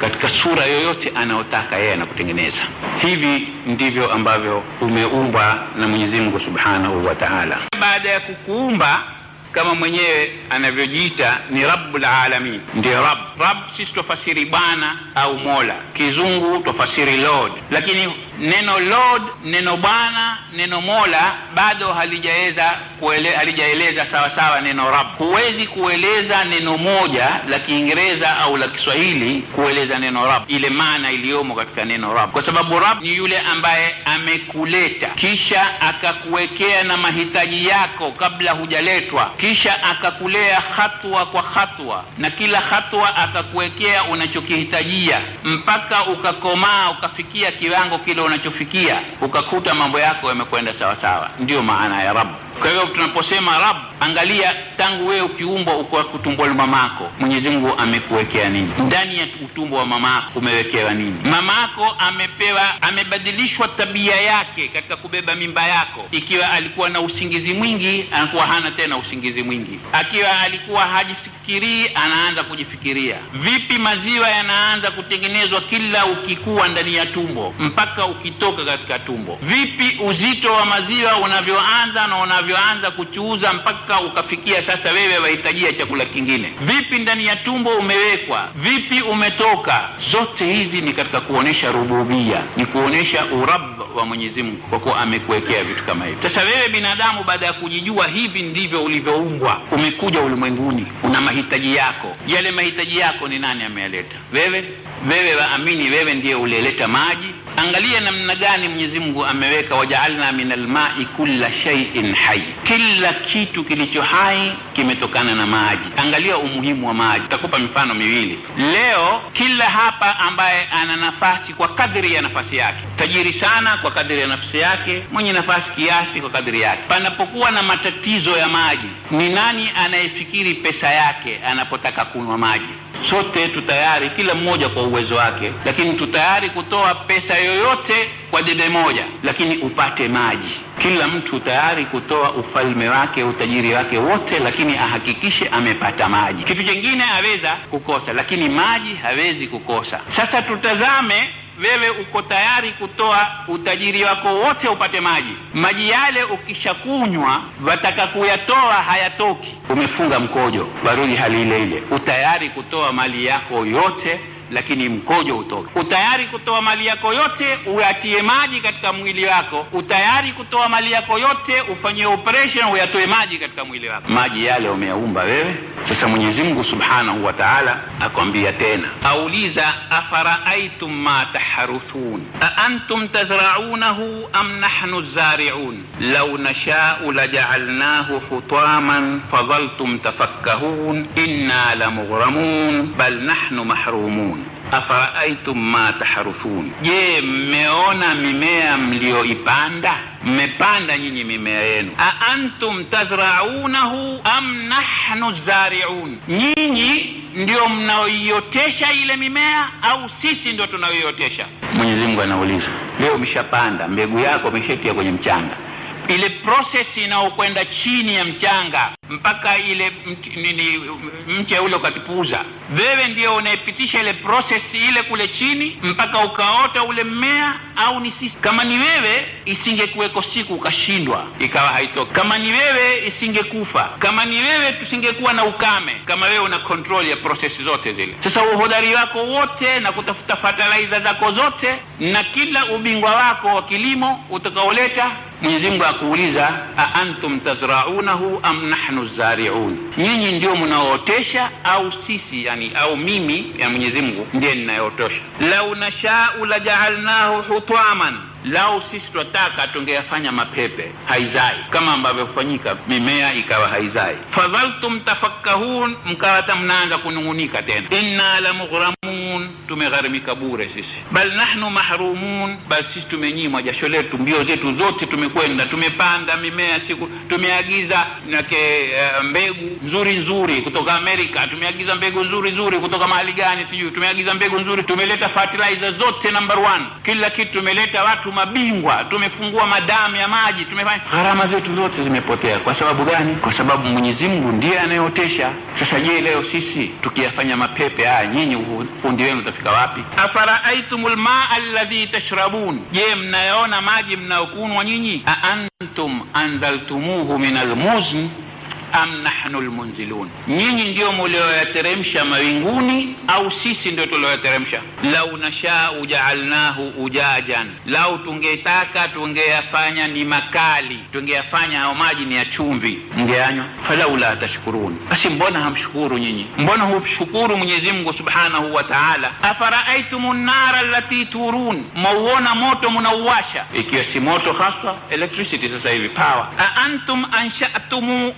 katika sura yoyote anayotaka yeye anakutengeneza. Hivi ndivyo ambavyo umeumbwa na Mwenyezi Mungu subhanahu wa taala. Baada ya kukuumba kama mwenyewe anavyojiita ni rabbul alamin, ndio rab. Rab sisi twafasiri bwana au mola, kizungu twafasiri lord, lakini Neno Lord, neno Bwana, neno Mola bado halijaweza halijaeleza sawa sawa neno rab Huwezi kueleza neno moja la Kiingereza au la Kiswahili kueleza neno rab ile maana iliyomo katika neno rab kwa sababu rab ni yule ambaye amekuleta kisha akakuwekea na mahitaji yako kabla hujaletwa, kisha akakulea hatua kwa hatua, na kila hatua akakuwekea unachokihitajia mpaka ukakomaa ukafikia kiwango kile unachofikia ukakuta mambo yako yamekwenda sawasawa, ndiyo maana ya rabu. Kwa hivyo tunaposema rab angalia tangu wewe ukiumbwa uko kutumboni mamako, Mwenyezi Mungu amekuwekea nini? Ndani ya utumbo wa mamako umewekewa nini? Mamako amepewa, amebadilishwa tabia yake katika kubeba mimba yako. Ikiwa alikuwa na usingizi mwingi, anakuwa hana tena usingizi mwingi. Akiwa alikuwa hajifikirii, anaanza kujifikiria. Vipi maziwa yanaanza kutengenezwa kila ukikuwa ndani ya tumbo mpaka ukitoka katika tumbo? Vipi uzito wa maziwa unavyoanza na una unavyoanza kuchuuza mpaka ukafikia sasa wewe wahitajia chakula kingine, vipi ndani ya tumbo umewekwa, vipi umetoka. Zote hizi ni katika kuonesha rububia, ni kuonesha urab wa Mwenyezi Mungu kwa kuwa amekuwekea vitu kama hivi. Sasa wewe binadamu, baada ya kujijua hivi ndivyo ulivyoumbwa, umekuja ulimwenguni, una mahitaji yako. Yale mahitaji yako ni nani ameyaleta? Wewe. Wewe waamini, wewe ndiye uliyeleta maji Angalia namna gani Mwenyezi Mungu ameweka, wajaalna min almai kulla shay'in hai, kila kitu kilicho hai kimetokana na maji. Angalia umuhimu wa maji. Takupa mifano miwili leo. Kila hapa ambaye ana nafasi kwa kadiri ya nafasi yake, tajiri sana kwa kadiri ya nafasi yake, mwenye nafasi kiasi kwa kadiri yake. Panapokuwa na matatizo ya maji, ni nani anayefikiri pesa yake anapotaka kunywa maji? Sote tutayari, kila mmoja kwa uwezo wake, lakini tutayari kutoa pesa yoyote yoyote kwa debe moja, lakini upate maji. Kila mtu tayari kutoa ufalme wake, utajiri wake wote, lakini ahakikishe amepata maji. Kitu chingine aweza kukosa, lakini maji hawezi kukosa. Sasa tutazame wewe uko tayari kutoa utajiri wako wote upate maji? Maji yale ukishakunywa, wataka kuyatoa hayatoki, umefunga mkojo, barudi hali ile ile. Utayari kutoa mali yako yote lakini mkojo utoke. Utayari kutoa mali yako yote uyatie maji katika mwili wako, utayari kutoa mali yako yote ufanyie operation uyatoe maji katika mwili wako. Maji yale umeyaumba wewe. Sasa Mwenyezi Mungu Subhanahu wa Ta'ala akwambia tena, auliza afara'aytum ma taharuthun a antum tazra'unahu am nahnu zari'un law nasha'u laja'alnahu hutaman fadhaltum tafakkahun inna lamughramun bal nahnu mahrumun afaraaitum ma taharuthun, je, mmeona mimea mliyoipanda? Mmepanda nyinyi mimea yenu. a antum tazraunahu am nahnu zariun, nyinyi ndio mnaoiotesha ile mimea au sisi ndio tunaoiotesha? Mwenyezi Mungu anauliza. Leo umeshapanda mbegu yako, umeshaitia kwenye mchanga, ile prosesi inayokwenda chini ya mchanga mpaka ile nini mche ule ukatipuuza. Wewe ndio unaipitisha ile process ile kule chini mpaka ukaota ule mmea, au ni sisi? Kama ni wewe, isingekuweko siku ukashindwa ikawa haitoki. Kama ni wewe, isingekufa. Kama ni wewe, tusingekuwa na ukame, kama wewe una control ya process zote zile. Sasa uhodari wako wote na kutafuta fertilizer zako zote na kila ubingwa wako wa kilimo utakaoleta, Mwenyezi Mungu akuuliza, a antum tazraunahu am nahnu nahnu zariun, nyinyi ndio mnaootesha au sisi, yani au mimi, ya Mwenyezi Mungu ndiye ninayootosha. lau nashau la jaalnahu hutaman Lau sisi twataka tungeyafanya mapepe, haizai kama ambavyo kufanyika mimea ikawa haizai. Fadhaltum tafakkahun, mkawata mnaanza kunung'unika tena, inna la mughramun, tumegharimika bure sisi. Bal nahnu mahrumun, bal sisi tumenyimwa jasho letu, mbio zetu zote tumekwenda, tumepanda mimea siku, tumeagiza nake uh, eh, mbegu nzuri nzuri kutoka Amerika, tumeagiza mbegu nzuri nzuri kutoka mahali gani sijui, tumeagiza mbegu nzuri, tumeleta fertilizer zote number one, kila kitu tumeleta watu watu mabingwa, tumefungua madamu ya maji, tumefanya gharama zetu zote zimepotea. Kwa sababu gani? Kwa sababu Mwenyezi Mungu ndiye anayeotesha. Sasa je, leo sisi tukiyafanya mapepe haya, nyinyi ufundi wenu utafika wapi? afaraaitumu lmaa alladhi tashrabun, je, mnayoona maji mnayokunwa nyinyi? aantum anzaltumuhu min almuzn am nahnu lmunzilun, nyinyi ndio mulioyateremsha mawinguni au sisi ndio tulioyateremsha? Lau nashau jaalnahu ujajan, lau tungetaka tungeyafanya ni makali, tungeyafanya hayo maji ni ya chumvi, mngeanywa. Falaula tashkurun, basi mbona hamshukuru nyinyi? Mbona humshukuru Mwenyezi Mungu subhanahu wa taala? Afaraaitum nara lati turun, mwauona moto munauwasha ikiwa si moto haswa electricity, sasa hivi power. Aantum anshatum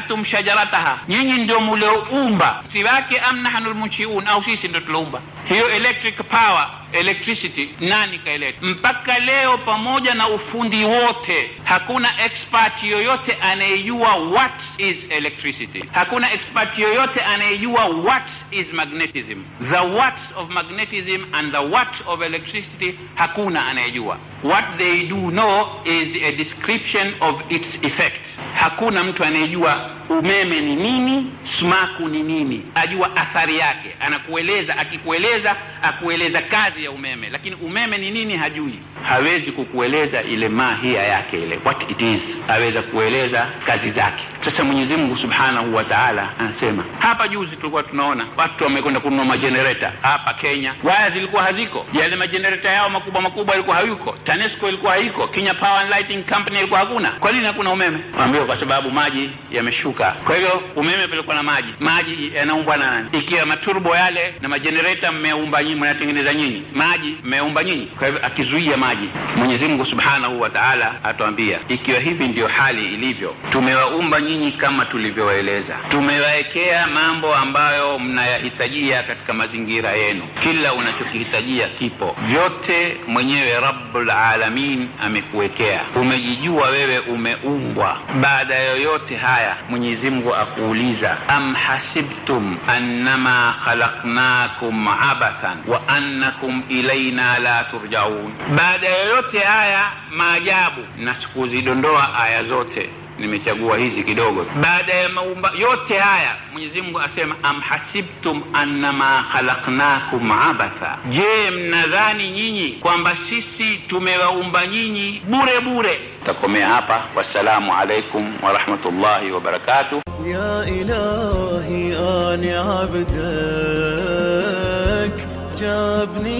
antum shajarataha, nyinyi ndio mlioumba. si wake, am nahnu lmunchiun, au sisi ndio tuloumba hiyo electric power electricity nani kaileta? Mpaka leo pamoja na ufundi wote, hakuna expert yoyote anayejua what is electricity. Hakuna expert yoyote anayejua what is magnetism, the what of magnetism and the what of electricity, hakuna anayejua. What they do know is a description of its effect. Hakuna mtu anayejua umeme ni nini, sumaku ni nini, ajua athari yake, anakueleza. Akikueleza akueleza kazi kazi ya umeme, lakini umeme ni nini hajui, hawezi kukueleza ile mahia yake ile what it is, aweza kueleza kazi zake. Sasa Mwenyezi Mungu Subhanahu wa Ta'ala anasema hapa. Juzi tulikuwa tunaona watu wamekwenda kununua majenereta hapa Kenya, waya zilikuwa haziko, yale majenereta yao makubwa makubwa yalikuwa hayuko, TANESCO ilikuwa haiko, Kenya Power and Lighting Company ilikuwa hakuna. Kwa nini hakuna umeme? Ambiwa kwa sababu maji yameshuka. Kwa hivyo umeme pelekwa na maji, maji yanaumbwa na nani? Ikiwa maturbo yale na majenereta mmeumba nyinyi, mnatengeneza nyinyi maji mmeumba nyinyi. Kwa hivyo akizuia maji, Mwenyezi Mungu Subhanahu wa Ta'ala atuambia, ikiwa hivi ndio hali ilivyo, tumewaumba nyinyi kama tulivyowaeleza, tumewawekea mambo ambayo mnayahitajia katika mazingira yenu, kila unachokihitajia kipo, vyote mwenyewe Rabbul Alamin amekuwekea, umejijua wewe, umeumbwa. Baada ya yoyote haya, Mwenyezi Mungu akuuliza, am hasibtum annama khalaqnakum abathan wa annakum ilaina la turjaun. Baada ya yote haya maajabu, na sikuzidondoa aya zote nimechagua hizi kidogo. Baada ya maumba yote haya, Mwenyezi Mungu asema am hasibtum annama khalaqnakum abatha, je, mnadhani nyinyi kwamba sisi tumewaumba nyinyi bure bure? Takomea hapa, wassalamu alaikum warahmatullahi wabarakatuh. ya ilahi ani abdak jabni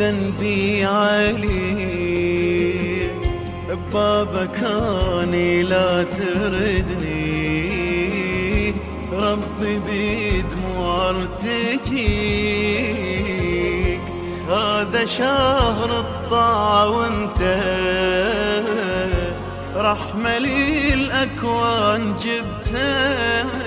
ذنبي عليك ببابك اني لا تردني ربي بدموع ارتجيك هذا شهر الطاعة وانت رحمة للأكوان جبتها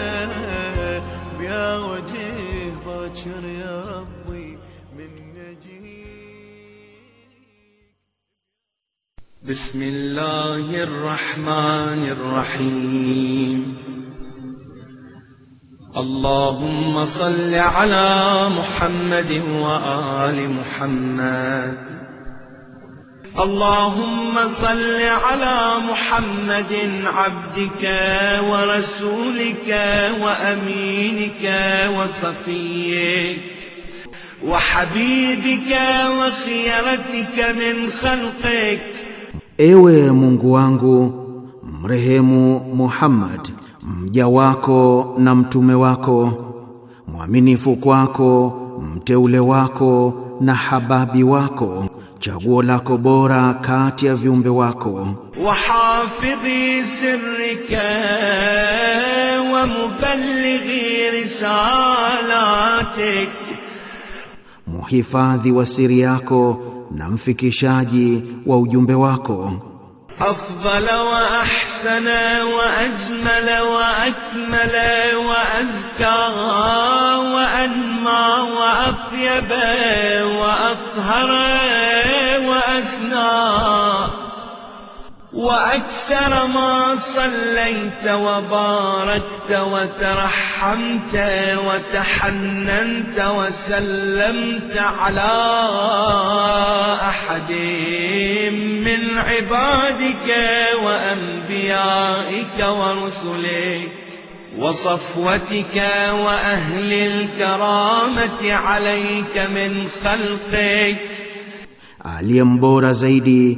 بسم الله الرحمن الرحيم اللهم صل على محمد وآل محمد اللهم صل على محمد عبدك ورسولك وأمينك وصفيك وحبيبك وخيرتك من خلقك Ewe Mungu wangu, mrehemu Muhammad mja wako na mtume wako mwaminifu kwako mteule wako na hababi wako chaguo lako bora kati ya viumbe wako. wahafidhi sirrika wa mubalighi risalatik, muhifadhi wa siri yako na mfikishaji wa ujumbe wako أفضل وأحسن وأجمل وأكمل وأزكى وأنمى وأطيب وأطهر وأسنى وأكثر ما صليت وباركت وترحمت وتحننت وسلمت على أحد من عبادك وأنبيائك ورسلك وصفوتك وأهل الكرامة عليك من خلقك علي mbora زيدي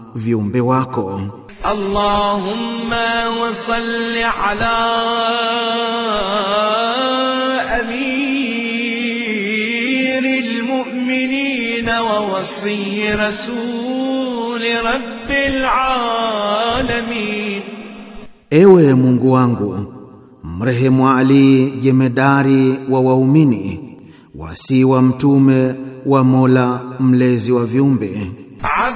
viumbe wako. Allahumma wa salli ala amiril mu'minin wa wasi rasul rabbil alamin, Ewe Mungu wangu mrehemu Ali jemedari wa waumini wasi wa mtume wa Mola mlezi wa viumbe Ab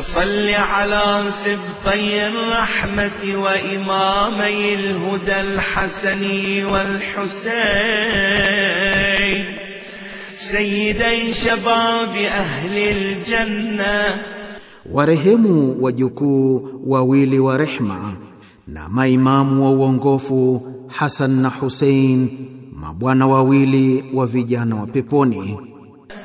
وصل على سبطي الرحمة وإمامي الهدى الحسن والحسين سيدي شباب أهل الجنة ورهموا وجكو وويل ورحمة نعم إمام وونغوفو حسن حسين ما بوانا وويل وفيجانا وبيبوني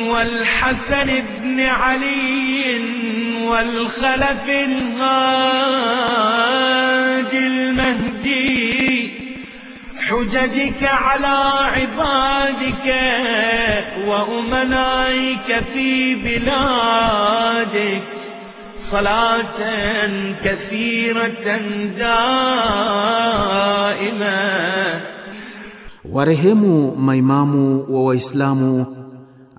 والحسن بن علي والخلف الهاج المهدي حججك على عبادك وأمنائك في بلادك صلاة كثيرة دائمة ورحموا مaimamu wa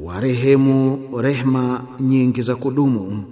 warehemu rehma nyingi za kudumu.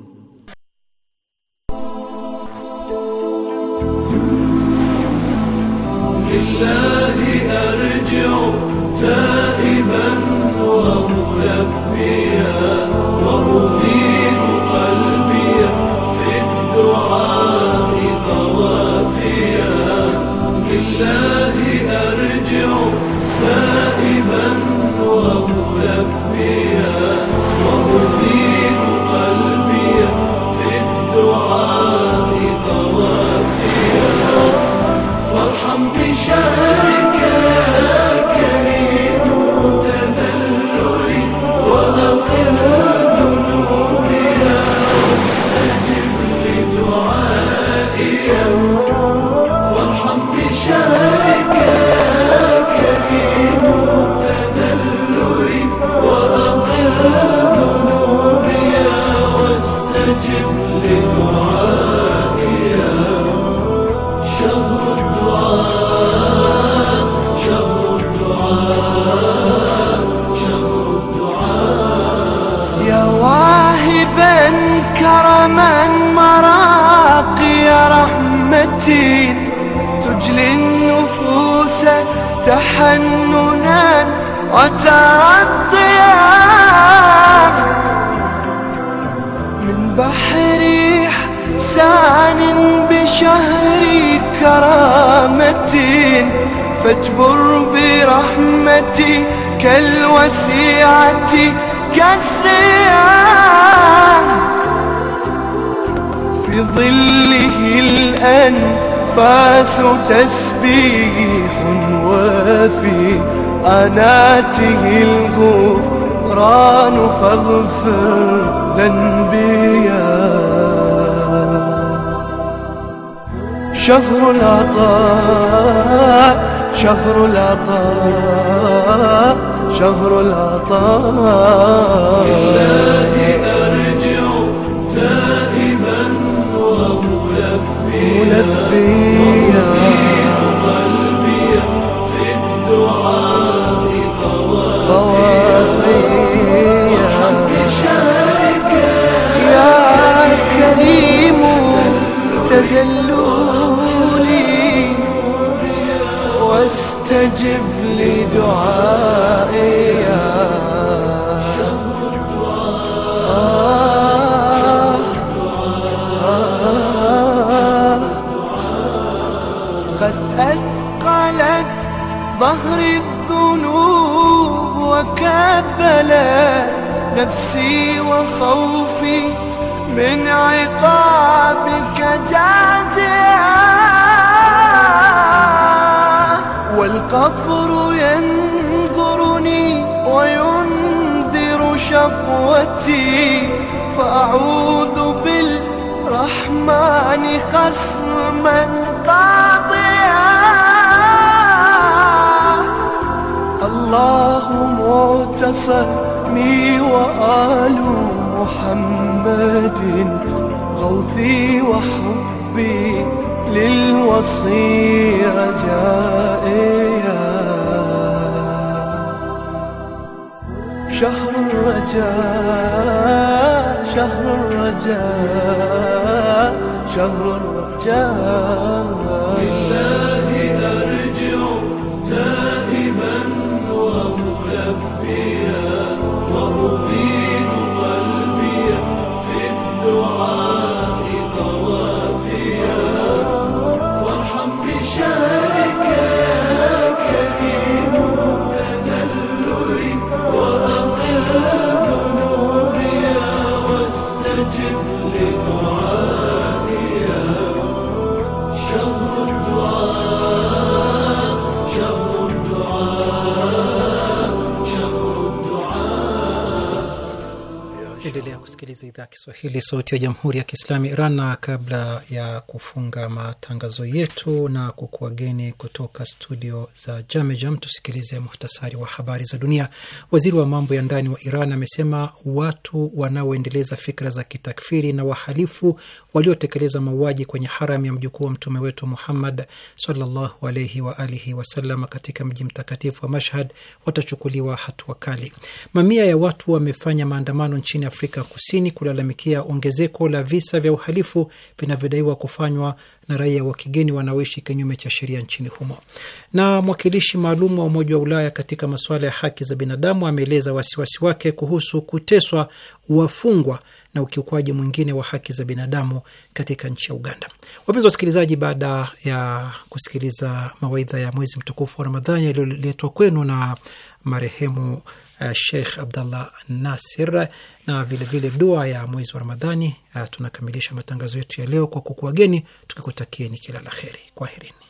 فاجبر برحمتي كالوسيعة كالسعة في ظله الأنفاس تسبيح وفي أناته الغفران فاغفر ذنبي يا شهر العطاء شهر العطاء شهر العطاء لله أرجع تائبا وملبيا ملبيا قلبي في الدعاء قوافيا شارك يا كريم تدل لي لدعائي يا شهر الدعاء قد أثقلت ظهري الذنوب وكبلت نفسي وخوفي من عقابك جازئا القبر ينظرني وينذر شقوتي فأعوذ بالرحمن خصما قاطعا الله معتصمي وآل محمد غوثي وحبي للوصي رجائيا شهر الرجاء شهر الرجاء شهر الرجاء idhaa Kiswahili sauti ya jamhuri ya kiislami Iran, na kabla ya kufunga matangazo yetu na kukuageni kutoka studio za Jamejam, tusikilize muhtasari wa habari za dunia. Waziri wa mambo ya ndani wa Iran amesema watu wanaoendeleza fikra za kitakfiri na wahalifu waliotekeleza mauaji kwenye haram ya mjukuu wa mtume wetu Muhammad sallallahu alaihi wa alihi wasallam katika mji mtakatifu wa Mashhad watachukuliwa hatua kali. Mamia ya watu wamefanya maandamano nchini Afrika Kusini kulalamikia ongezeko la visa vya uhalifu vinavyodaiwa kufanywa na raia wa kigeni wanaoishi kinyume cha sheria nchini humo. Na mwakilishi maalum wa Umoja wa Ulaya katika masuala ya haki za binadamu ameeleza wasiwasi wake kuhusu kuteswa wafungwa na ukiukwaji mwingine wa haki za binadamu katika nchi ya Uganda. Wapenzi wasikilizaji, baada ya kusikiliza mawaidha ya mwezi mtukufu wa Ramadhani yaliyoletwa kwenu na marehemu Eh, Sheikh Abdallah Nasir na vilevile vile dua ya mwezi wa Ramadhani. Eh, tunakamilisha matangazo yetu ya leo kwa kukuwageni tukikutakieni kila la heri. Kwaherini.